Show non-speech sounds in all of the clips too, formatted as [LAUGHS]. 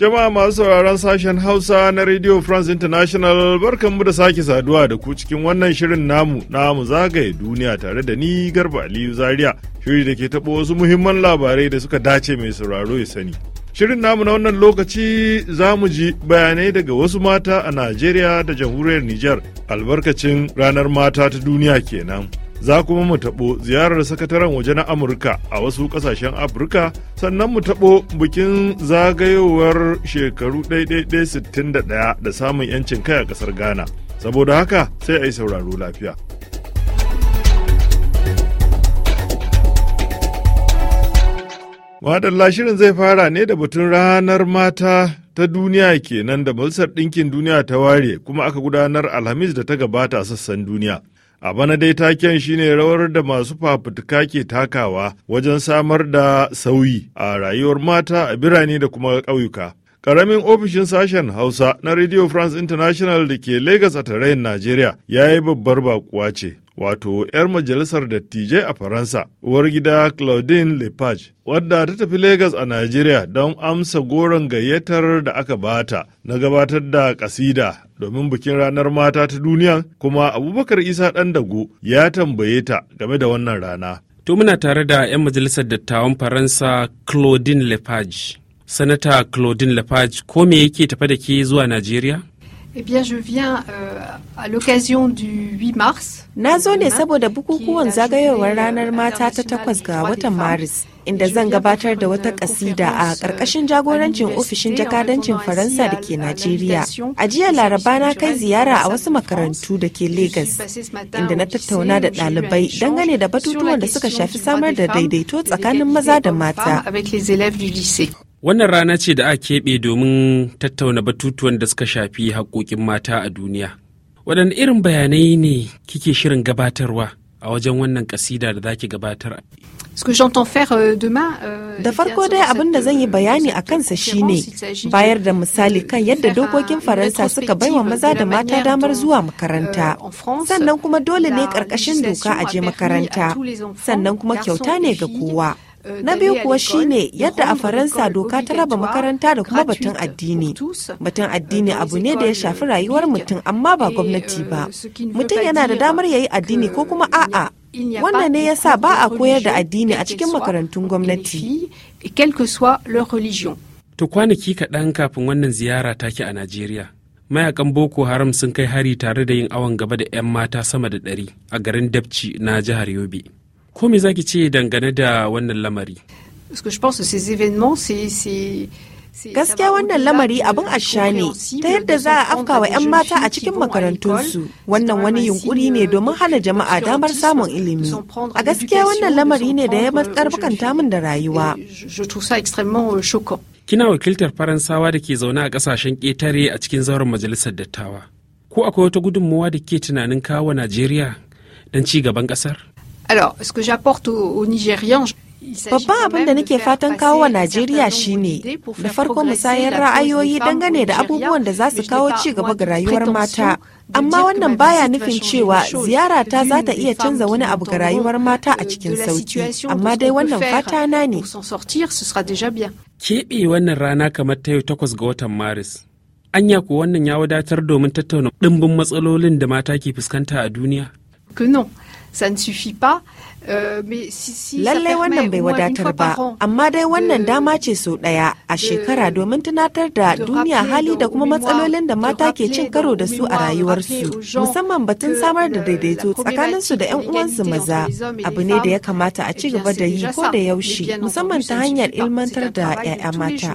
Jama'a masu sauraron sashen Hausa na Radio France International barkanmu da sake saduwa da ku cikin wannan shirin namu na mu zagaye duniya tare da ni Garba Aliyu Zaria shiri da ke taɓo wasu muhimman labarai da suka dace mai sauraro ya sani. Shirin namu na wannan lokaci za mu ji bayanai daga wasu mata a Najeriya da jamhuriyar Nijar albarkacin ranar mata ta duniya kenan. za kuma mu taɓo ziyarar sakataren waje na amurka a wasu ƙasashen afirka sannan mu taɓo bikin zagayowar shekaru 1161 da samun 'yancin kai a ƙasar ghana saboda haka sai a yi sauraro lafiya Madalla shirin zai fara ne da batun ranar mata ta duniya kenan da Majalisar Ɗinkin Duniya ta ware kuma aka gudanar Alhamis da ta gabata a sassan duniya. A bana dai taken shine rawar da masu fafutuka ke takawa wajen samar da sauyi a rayuwar mata a birane da kuma ƙauyuka. Ƙaramin ofishin sashen Hausa na Radio France International da ke Lagos a tarayyar Najeriya ya yi babbar bakuwa ce, wato 'yar majalisar dattijai a Faransa, uwar gida Claudine Lepage, wadda ta tafi Lagos a Najeriya don amsa goron gayyatar da aka bata na gabatar da kasida domin bikin ranar mata ta duniya kuma abubakar isa ɗan dago ya tambaye ta game da wannan rana to muna tare da 'yan majalisar dattawan faransa claudine lepage sanata claudine lepage ko me yake tafa da ke zuwa najeriya Eh bien, je viens euh, mars. Na zo ne saboda bukukuwan zagayowar ranar euh, mata ta takwas ga watan Maris, inda zan gabatar da wata kasida a ƙarƙashin jagorancin euh, ofishin jakadancin Faransa da ke Najeriya. A jiya Laraba na kai ziyara a wasu makarantu da ke Legas, inda na tattauna da ɗalibai dangane da batutuwan da suka shafi samar da daidaito tsakanin maza da mata. Wannan rana ce da aka keɓe domin tattauna batutuwan da suka shafi haƙoƙin mata a duniya. Waɗanne irin bayanai ne kike shirin gabatarwa a wajen wannan ƙasida da zaki gabatar? Euh, euh, da farko dai abin da zan yi euh, bayani a kansa shine bayar da misali kan yadda dokokin Faransa suka baiwa maza da mata damar zuwa makaranta. Sannan kuma dole ne ƙarƙashin doka a je makaranta. Sannan kuma kyauta ne ga kowa. Na biyu kuwa shine yadda a Faransa doka ta raba makaranta da kuma batun addini. Batun uh, addini abu ne da ya shafi uh, rayuwar mutum amma ba eh, gwamnati ba. Uh, mutum yana da damar ya yi addini ko kuma a'a. Wannan ne yasa ba a koyar da addini a cikin makarantun gwamnati. To kwanaki kaɗan kafin wannan ziyara ta take a Najeriya. mayakan boko haram sun kai hari tare da yin awon gaba da 'yan mata sama da ɗari a garin dabci na jihar yobe ko me zaki ce dangane da wannan lamari gaskiya wannan lamari abin asha ne ta yadda za a afka wa 'yan mata a cikin makarantunsu wannan wani yunkuri euh, ne domin hana jama'a damar samun ilimi a gaskiya wannan lamari ne da ya matsar euh, bukanta min da rayuwa euh, kina wakiltar faransawa da ke zaune a kasashen ƙetare a cikin zauren majalisar dattawa ko akwai wata gudunmuwa da ke tunanin kawo najeriya don ci gaban ƙasar Alors, ce que j'apporte aux, aux Nigérians, Babban abin da nake fatan kawo wa Najeriya shine da farko musayar ra'ayoyi dangane da abubuwan da za su kawo ci gaba ga rayuwar mata. Amma wannan baya nufin cewa ziyara ta za ta iya canza wani abu ga rayuwar mata a euh, cikin sauki. Amma dai wannan fata na ne. Keɓe wannan rana kamar ta yau takwas ga watan Maris. Anya ko wannan ya wadatar domin tattauna ɗimbin matsalolin da mata ke fuskanta a duniya? san euh, Lallai wannan bai wadatar ba, amma dai wannan dama ce sau ɗaya a shekara domin tunatar da duniya hali da kuma matsalolin da mata ke cin karo da su a rayuwarsu, musamman batun samar da daidaito tsakaninsu da 'yan uwansu maza. Abu ne da ya kamata a ci eh gaba da yi ko da yaushe, musamman ta hanyar ilmantar da 'ya'ya mata.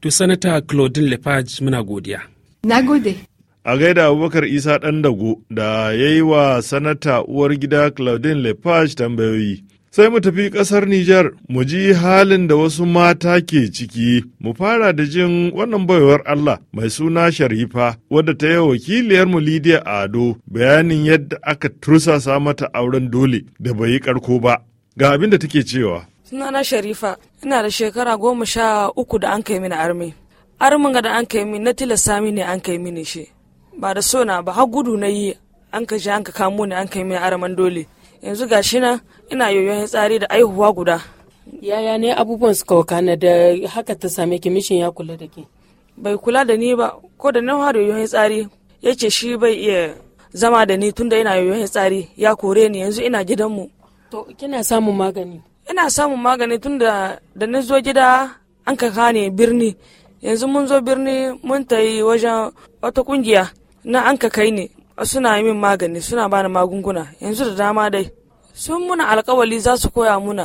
To Sanata Claudine Lepage muna godiya. Na gode. a gaida abubakar isa ɗan dago da ya yi wa sanata uwar gida claudine lepage tambayoyi sai mu tafi ƙasar niger mu ji halin da wasu mata ke ciki mu fara da jin wannan baiwar allah mai suna sharifa wadda ta yi wakiliyar mu lidiya ado bayanin yadda aka tursasa mata auren dole da bai yi karko ba ga abin da take cewa sunana sharifa ina da shekara goma sha uku da an kai mini armi armin ga da an kai mini na tilasta mini an kai mini shi ba da sona ba har gudu na yi an ka ji an ka kamo ni an ka yi mai araman dole yanzu gashi nan ina yoyon tsari da aihuwa guda yaya ne abubuwan suka wakana da haka ta same ki mishin ya kula da ke bai kula da ni ba ko da nawa fara yoyon tsari ya ce shi bai iya zama da ni tunda ina yoyon tsari ya kore ni yanzu ina gidanmu to kina samun magani ina samun magani tunda da na zo gida an ka kane birni yanzu mun zo birni mun ta yi wajen wata kungiya na an ka kai ne suna yi min magani suna bani magunguna yanzu da dama dai sun muna alkawali za su koya muna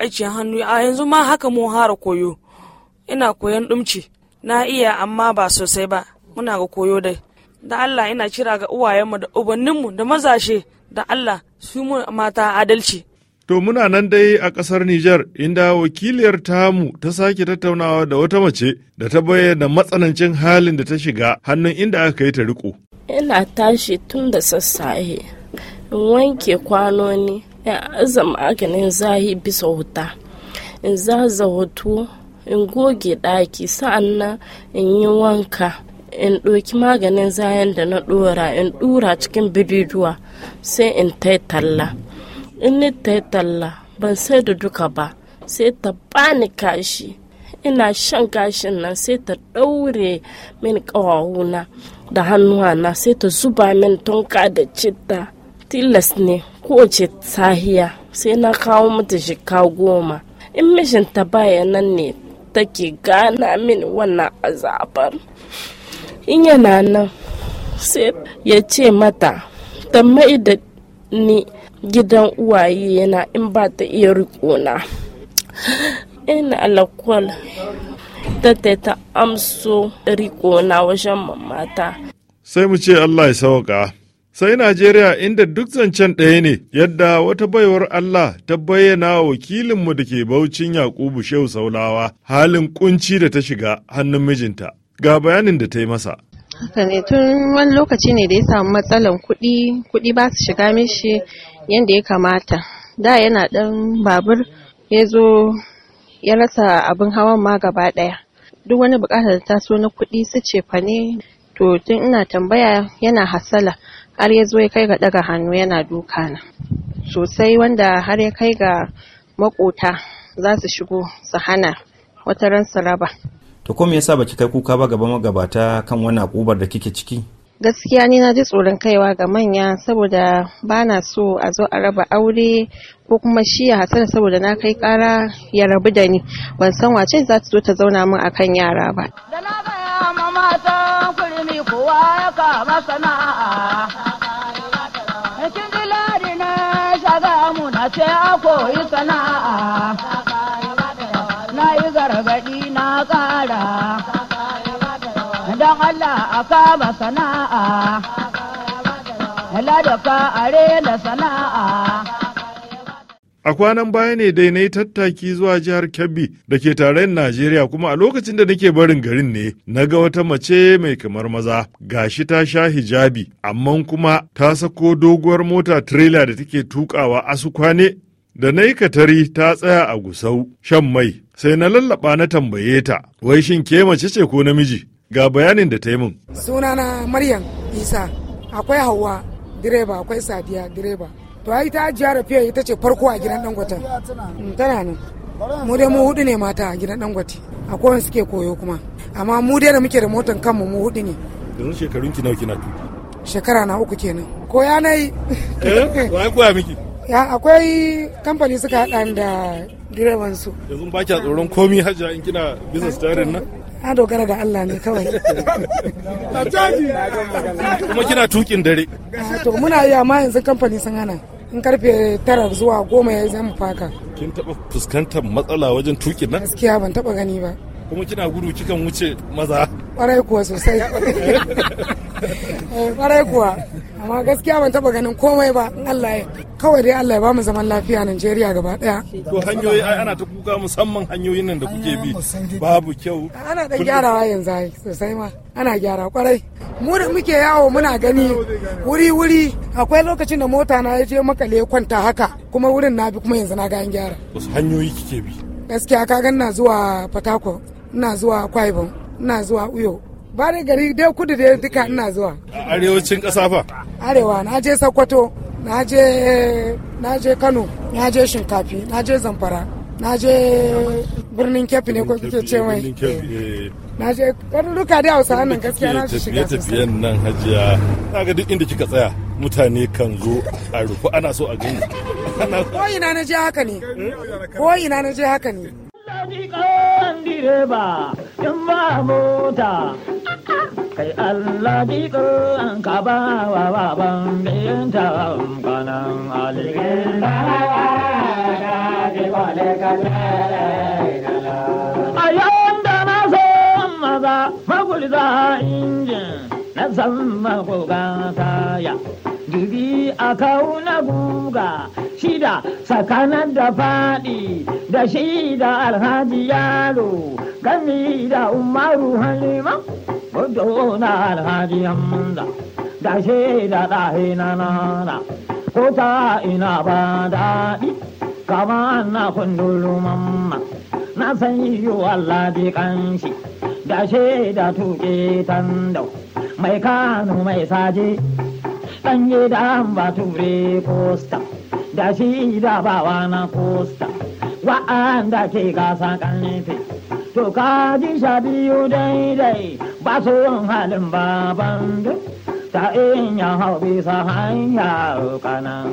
aikin hannu a yanzu ma haka mun hara koyo ina koyon dumci na iya amma ba sosai ba muna ga koyo dai da Allah ina kira ga uwayenmu da ubanninmu da mazashe da Allah su mu mata adalci To muna nan dai a ƙasar Nijar inda wakiliyar tamu ta sake tattaunawa da wata mace da ta bayyana matsanancin halin da ta shiga hannun inda aka yi ta riko. Ina tashi tun da sassahe, in wanke kwanoni, in aza maganin zahi bisa wuta, in zaza hoto, in goge ɗaki, sa'annan in yi wanka. in ɗoki maganin zayan da na ɗora in ɗura cikin bididuwa sai in ta talla in ni ta yi talla ban sai da duka ba sai ta bani kashi ina shan kashin nan sai ta ɗaure min ƙawawuna da hannuwana sai ta zuba min tunka da citta tilas ne kowace sahiya sai na kawo mata shika goma in mishinta baya nan ne take gana min wannan azabar in yana nan sai ya ce mata ta mai da ni gidan uwaye yana in ba ta iya rikona ina alakwal ta ta amso rikona wajen mamata sai mu ce allah ya sauka sai Najeriya inda duk zancen ɗaya ne yadda wata baiwar Allah ta bayyana wakilinmu da ke Baucin Yakubu Shehu Saulawa halin kunci da ta shiga hannun mijinta ga bayanin da ta yi masa. Haka ne tun wani lokaci ne da ya samu matsalan kuɗi, kuɗi ba su shiga mishi yanda ya kamata da yana ɗan babur ya zo ya rasa abin hawan ma gaba ɗaya duk wani buƙatar ta so na kuɗi su ce fane to tun ina tambaya yana hasala har ya zo ya kai ga ɗaga hannu yana duka na sosai wanda har ya kai ga makota za su shigo su hana wata ran su raba to ko ya yasa baki kai kuka ba gaba magabata kan wannan akubar da kike ciki gaskiya ni na ji tsoron kaiwa ga manya saboda ba na so a zo a raba aure ko kuma shi ya hasana saboda na kai kara ya rabu da ni ban san wace za ta zo ta zauna min akan yara ba da baya kurmi kowa ya kama sana'a don Allah a kama sana'a ka are sana'a a kwanan baya ne dai na yi tattaki zuwa jihar kebbi da ke tarayyar najeriya kuma a lokacin da nake barin garin ne na ga wata mace mai kamar maza gashi ta sha hijabi amma kuma ta sako doguwar mota trailer da take tukawa asu kwane da na yi katari ta tsaya a gusau shan mai sai na lallaba na tambaye ta wai shin ke mace ce ko namiji Ga bayanin da ta yi min. Sunana Maryam Isa, akwai Hauwa direba, akwai Sadiya direba. To ai ta ajiya fiye ita ce farko a gidan Dangote. Mm, tana nan. Mu dai mu hudu ne mata a gidan Dangote. Akwai wani suke koyo kuma. Amma mu dai da muke da motan kanmu mu hudu ne. Yanzu shekarun ki nawa kina tuki? Shekara na uku kenan. Ko ya nayi. [LAUGHS] Eh, wai koya miki? ya akwai kamfani suka haɗa da direban su yanzu ba kya tsoron komi hajja in kina business tarin nan na dogara ga Allah ne kawai kuma kina tukin dare ah, to muna yi amma yanzu kamfani sun hana in karfe tara zuwa goma ya zama faka kin taba fuskantar matsala wajen tukin nan gaskiya ban taba gani ba kuma kina gudu kikan wuce maza kwarai kuwa sosai kwarai [LAUGHS] eh, kuwa amma gaskiya ban taba ganin komai ba in Allah ya kawai dai Allah ya bamu zaman lafiya a Najeriya gaba daya to hanyoyi ai ana ta kuka musamman hanyoyin nan da kuke bi babu kyau ana da gyarawa yanzu ai sosai ma ana gyara kwarai mu da muke yawo muna gani wuri wuri akwai lokacin da mota na ya je makale kwanta haka kuma wurin na bi kuma yanzu na ga an gyara wasu hanyoyi kike bi gaskiya ka ganna zuwa Fatako ina zuwa Kwaibon ina zuwa Uyo Bari gari dai kudu dai duka ina zuwa arewacin ƙasa fa arewa na je sokoto na je na je kano na je shinkafi na je zamfara na je birnin kefi ne ko kike ce mai eh. na je garuruka dai hausa nan gaskiya na shiga tafiye nan hajiya ga duk inda kika tsaya mutane kan zo a rufu ana so a gani ko ina na je haka ne ko ina na je haka ne direba, in mota, kai Allah jikin ka ba wa baban binta kanan alikin a ayo da na so maza magulza injin na san ta ya dubi a kauna guga shida tsakanin da faɗi da shida alhaji yalo gami da umaru halima Kudu na alhaji yamda, da shi da ɗahi na nana, ko ta ina ba daɗi, kama na kundulu mamma, na san yiwu Allah ji kanshi, da shi da tuƙe tandau, mai kano mai saje, ɗan da bature Ture da shi da bawa na kosta, wa'anda ke gasa ƙarfe, to ka ji sha biyu daidai. ba su halin baban da ta iya hau bisa hanya kanan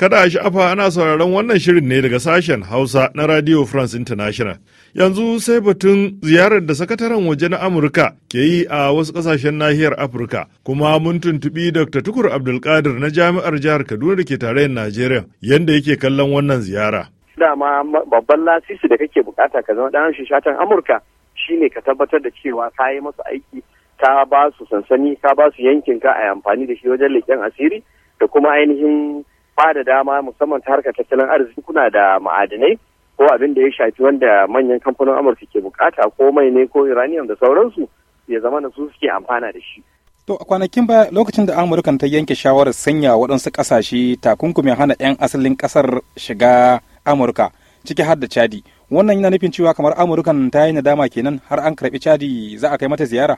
Kada a sha'afa ana sauraron wannan shirin ne daga sashen Hausa na Radio France International. Yanzu sai batun ziyarar da sakataren waje na Amurka ke yi a wasu kasashen nahiyar Afirka, kuma mun tuntubi Dr. Tukur Abdulkadir na Jami'ar Jihar Kaduna da ke tarayyar Najeriya yadda yake kallon wannan ziyara. dama babban lasisi da kake bukata ka zama ɗan shatan amurka shi ne ka tabbatar da cewa ka yi masu aiki ka ba su sansani ka ba su yankin ka a amfani da shi wajen leƙen asiri da kuma ainihin ba da dama musamman ta harkar tattalin arziki kuna da ma'adinai ko abin da ya shafi wanda manyan kamfanin amurka ke bukata ko mai ne ko iraniyan da sauransu ya zama da su suke amfana da shi To a kwanakin baya lokacin da amurka ta yanke shawarar sanya waɗansu ƙasashe takunkumin hana 'yan asalin ƙasar shiga amurka ciki har da chadi wannan yana nufin cewa kamar amurkan ta yi nadama kenan har an karɓi chadi za a kai mata ziyara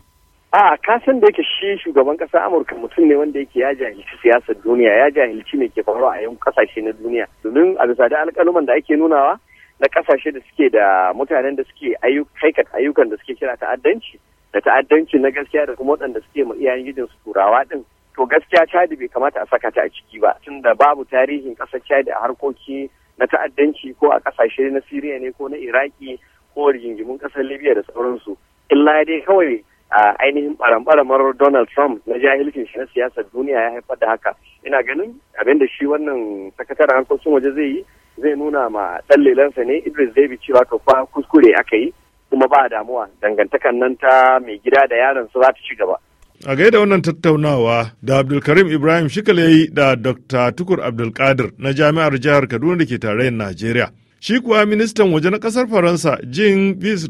a kasan da yake shi shugaban ƙasa amurka mutum ne wanda yake ya jahilci siyasar duniya ya jahilci ne ke faruwa a yan kasashe na duniya domin a bisa da alƙaluman da ake nunawa na kasashe da suke da mutanen da suke ayyukan da suke kira ta'addanci da ta'addanci na gaskiya da kuma waɗanda suke ma iyayen gidan su turawa din to gaskiya chadi bai kamata a saka ta a ciki ba tunda babu tarihin ƙasar chadi a harkoki na ta'addanci ko a kasashe na Siriya ne ko na Iraki ko rigingimun ƙasar Libya da sauransu illa dai kawai a ainihin ɓaramɓaramar Donald Trump na jahilcin shi na siyasar duniya ya haifar da haka ina ganin abin da shi wannan sakataren harkokin waje zai yi zai nuna ma dan ne Idris Deby cewa fa kuskure aka yi kuma ba damuwa dangantakan nan ta mai gida da yaron su za ta ci gaba A gaida wannan tattaunawa da Abdulkarim Ibrahim Shikal yi da Dr. Tukur Abdulkadir na Jami'ar Jihar Kaduna da ke tarayyar Najeriya. Shi kuwa ministan waje na kasar Faransa Jean Yves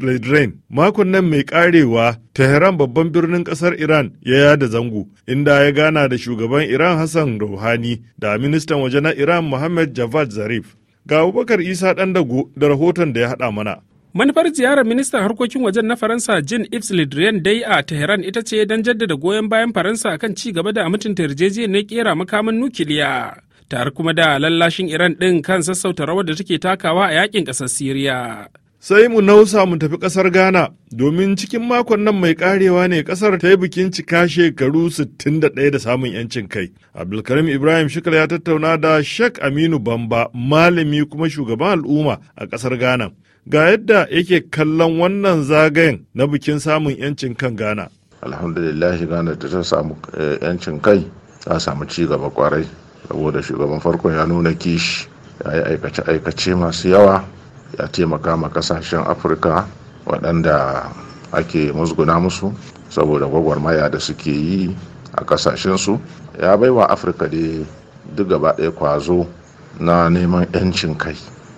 makon nan mai karewa Tehran babban birnin kasar Iran ya yada zango inda ya gana da shugaban Iran Hassan Rouhani da ministan waje na Iran Mohammed Javad Zarif. Ga Abubakar Isa Dandago da rahoton da ya haɗa mana. manufar ziyarar ministan harkokin wajen na faransa jean yves le drian dai a tehran ita ce don jaddada goyon bayan faransa kan ci gaba da mutunta na kera makaman nukiliya tare kuma da lallashin iran din kan sassauta rawar da take takawa a yakin ƙasar siriya sai mu nausa mu tafi kasar ghana domin cikin makon nan mai karewa ne kasar ta yi bikin cika shekaru 61 da samun yancin kai abdulkarim ibrahim shikar ya tattauna da sheikh aminu bamba malami kuma shugaban al'umma a kasar ghana ga yadda yake kallon wannan zagayen na bikin samun 'yancin kan ghana alhamdulillah ghana da ta samu eh, 'yancin kai ta samu ci gaba kwarai saboda shugaban farkon ya nuna kishi ya yi aikace-aikace masu yawa ya taimaka ma kasashen afirka waɗanda ake musguna musu saboda gwagwarmaya da suke yi a kasashensu ya baiwa afirka dai duk gaba ɗaya kwazo na neman 'yancin kai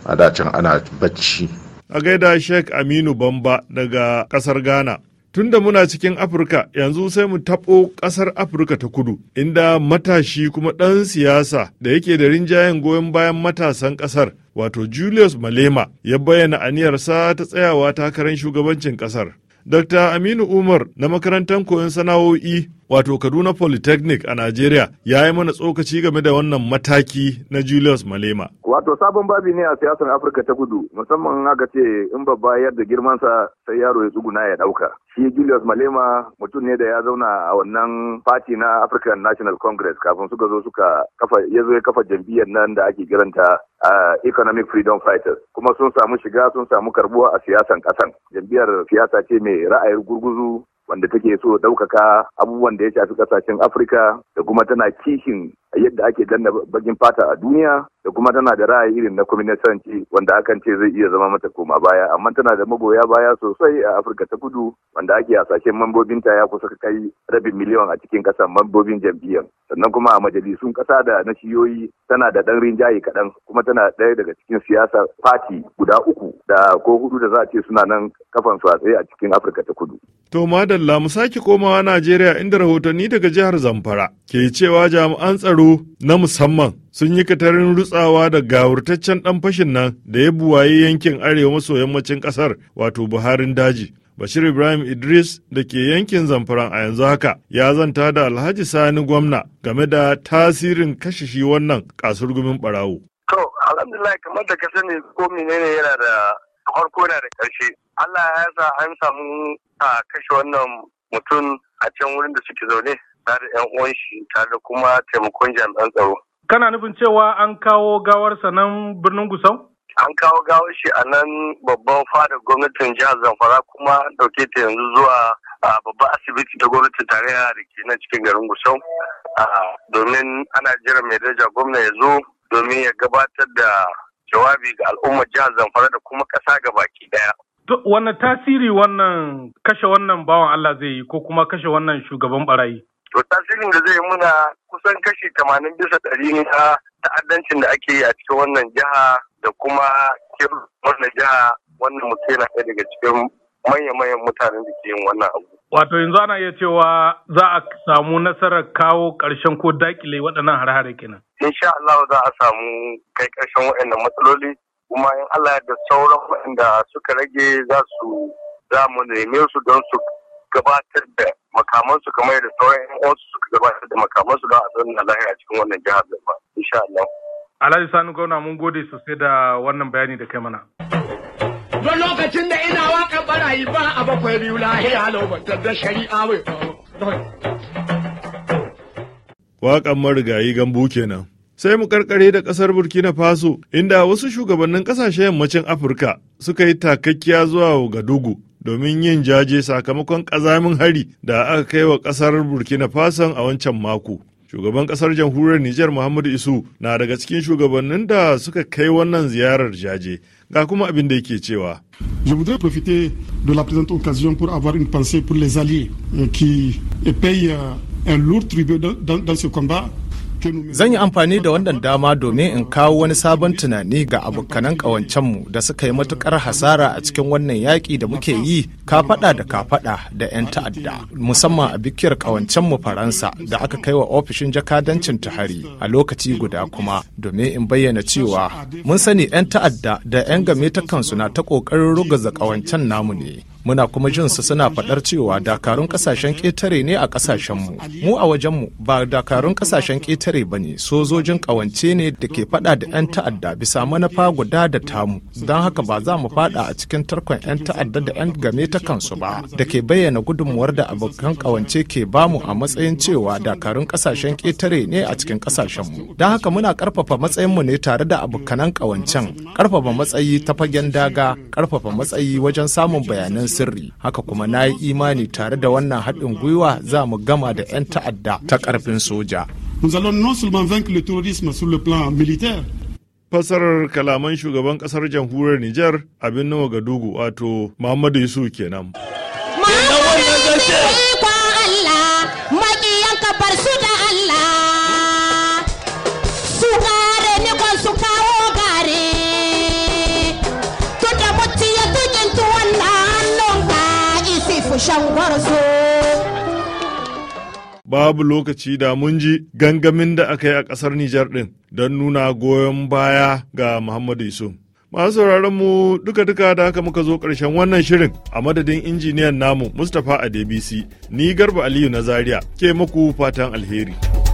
a dacin ana bacci a gaida Sheikh Aminu Bamba daga kasar Ghana. Tunda muna cikin Afirka yanzu sai mu taɓo ƙasar Afirka ta kudu, inda matashi kuma ɗan siyasa da yake da rinjayen goyon bayan matasan ƙasar, wato Julius Malema, ya bayyana aniyarsa ta tsayawa takarar shugabancin ƙasar. Dr. Aminu Umar na makarantar koyon sana'o'i wato Kaduna Polytechnic a Najeriya ya yi mana tsokaci game da wannan mataki na Julius Malema. Wato sabon babi ne a siyasar Afirka ta kudu musamman aka ce in babba yarda girmansa sai yaro ya tsuguna ya ɗauka. Shi Julius Malema mutum ne da ya zauna a wannan fati na African National Congress kafin suka zo suka kafa ya zo ya kafa jam'iyyar nan da ake kiranta a Economic Freedom Fighters kuma sun samu shiga sun samu karbuwa a siyasan kasan. Jam'iyyar siyasa ce mai ra'ayin gurguzu wanda take so ɗaukaka abubuwan da ya shafi kasashen Afirka da kuma tana kishin yadda ake danna bakin fata a duniya da kuma tana da ra'ayi irin na kwaminisanci wanda akan ce zai iya zama mata koma baya amma tana da magoya baya sosai a afirka ta kudu wanda ake hasashen mambobinta ya kusa kai rabin miliyan a cikin kasan mambobin jam'iyyar sannan kuma a majalisun kasa da na shiyoyi tana da ɗan rinjaye kaɗan kuma tana ɗaya daga cikin siyasa fati guda uku da ko hudu da za a ce suna nan kafan su a tsaye a cikin afirka ta kudu. to Dalla mu sake komawa Najeriya inda rahotanni daga jihar Zamfara ke cewa jami'an tsaro na musamman sun yi katarin rutsawa da gawurtaccen ɗan fashin nan da ya buwaye yankin arewa maso yammacin ƙasar wato Buharin daji. Bashir Ibrahim Idris da ke yankin Zamfara a yanzu haka ya zanta da Alhaji Sani gwamna game da tasirin kashe shi wannan kasurgumin barawo. To, alhamdulillah kamar da ka sani ko menene yana da farko na da ƙarshe Allah ya sa an samu a kashe wannan mutum a can wurin da suke zaune tare da 'yan uwan shi tare da kuma taimakon jami'an tsaro. Kana nufin cewa an kawo gawarsa nan birnin Gusau? An kawo gawar shi a nan babban fadar gwamnatin jihar Zamfara kuma dauke ta yanzu zuwa babban asibiti ta gwamnatin tarayya da ke nan cikin garin Gusau. Domin ana jiran mai daraja gwamna ya zo domin ya gabatar da jawabi ga al'ummar jihar Zamfara da kuma ƙasa ga baki daya. Wanne tasiri wannan kashe wannan bawan Allah zai yi ko kuma kashe wannan shugaban barayi? To tasirin da zai muna kusan kashi tamanin bisa ɗari na ta'addancin da ake yi a cikin wannan jiha da kuma wannan jiha wannan mutum yana ɗaya daga cikin manya-manyan mutanen da ke yin wannan abu. Wato yanzu ana iya cewa za a samu nasarar kawo ƙarshen ko dakile waɗannan har hare kenan. Insha Allah za a samu kai ƙarshen waɗannan matsaloli kuma in Allah da sauran waɗanda suka rage za su za mu neme su don su gabatar da makamansu kamar da sauran yan uwansu suka gabatar da makamansu don a zanna lahira cikin wannan jihar da ba insha Allah. Alhaji Sani Gauna mun gode sosai da wannan bayani da kai mana. Don lokacin da ina wa ba a bakwai biyu Waƙan marigayi gambu kenan. Sai mu karkare da ƙasar Burkina Faso, inda wasu shugabannin ƙasashen yammacin Afirka suka yi takakkiya zuwa Gadugu domin yin jaje sakamakon ƙazamin hari da aka kai wa ƙasar Burkina Faso a wancan mako. Shugaban kasar jamhuriyar Nijar Muhammadu Isu na daga cikin shugabannin da suka kai wannan ziyarar jaje ga kuma abin da yake cewa. Je voudrais profiter de la présente occasion pour avoir une pensée pour les alliés euh, qui payent euh, un lourd tribut dans, dans ce combat Zan yi amfani da wannan dama domin in kawo wani sabon tunani ga abokanan ƙawancenmu da suka yi matuƙar hasara a cikin wannan yaƙi da muke yi kafaɗa da kafaɗa da 'yan ta'adda musamman a bikiyar ƙawancenmu Faransa da aka kai wa ofishin jakadancin ta a lokaci guda kuma domin in bayyana cewa mun sani 'yan ta'adda da 'yan game ta kansu na ta ƙoƙarin rugaza ƙawancen namu ne. muna kuma jin su suna faɗar cewa dakarun ƙasashen ƙetare ne a ƙasashenmu mu a wajenmu ba dakarun ƙasashen ƙetare ba ne sojojin ƙawance ne da ke faɗa da 'yan ta'adda bisa manufa guda da tamu don haka ba za mu faɗa a cikin tarkon 'yan ta'adda da 'yan game ta kansu ba da ke bayyana gudunmuwar da abokan ƙawance ke bamu a matsayin cewa dakarun ƙasashen ƙetare ne a cikin ƙasashenmu don haka muna ƙarfafa matsayinmu ne tare da abokanan ƙawancen ƙarfafa matsayi ta fagen daga ƙarfafa matsayi wajen samun bayanan sirri haka kuma na yi imani tare da wannan haɗin gwiwa za mu gama da 'yan ta'adda ta ƙarfin soja fasarar kalaman shugaban kasar jamhuriyar Nijar abin nawa ga dugu wato Muhammadu Yusuf kenan. babu lokaci da mun ji gangamin da aka yi a ƙasar Nijar ɗin don nuna goyon baya ga Muhammadu Yusuf. Masu sauraron mu duka-duka da haka muka zo ƙarshen wannan shirin a madadin injiniyan namu Mustapha Adebisi, ni Garba Aliyu na Zaria ke muku fatan alheri.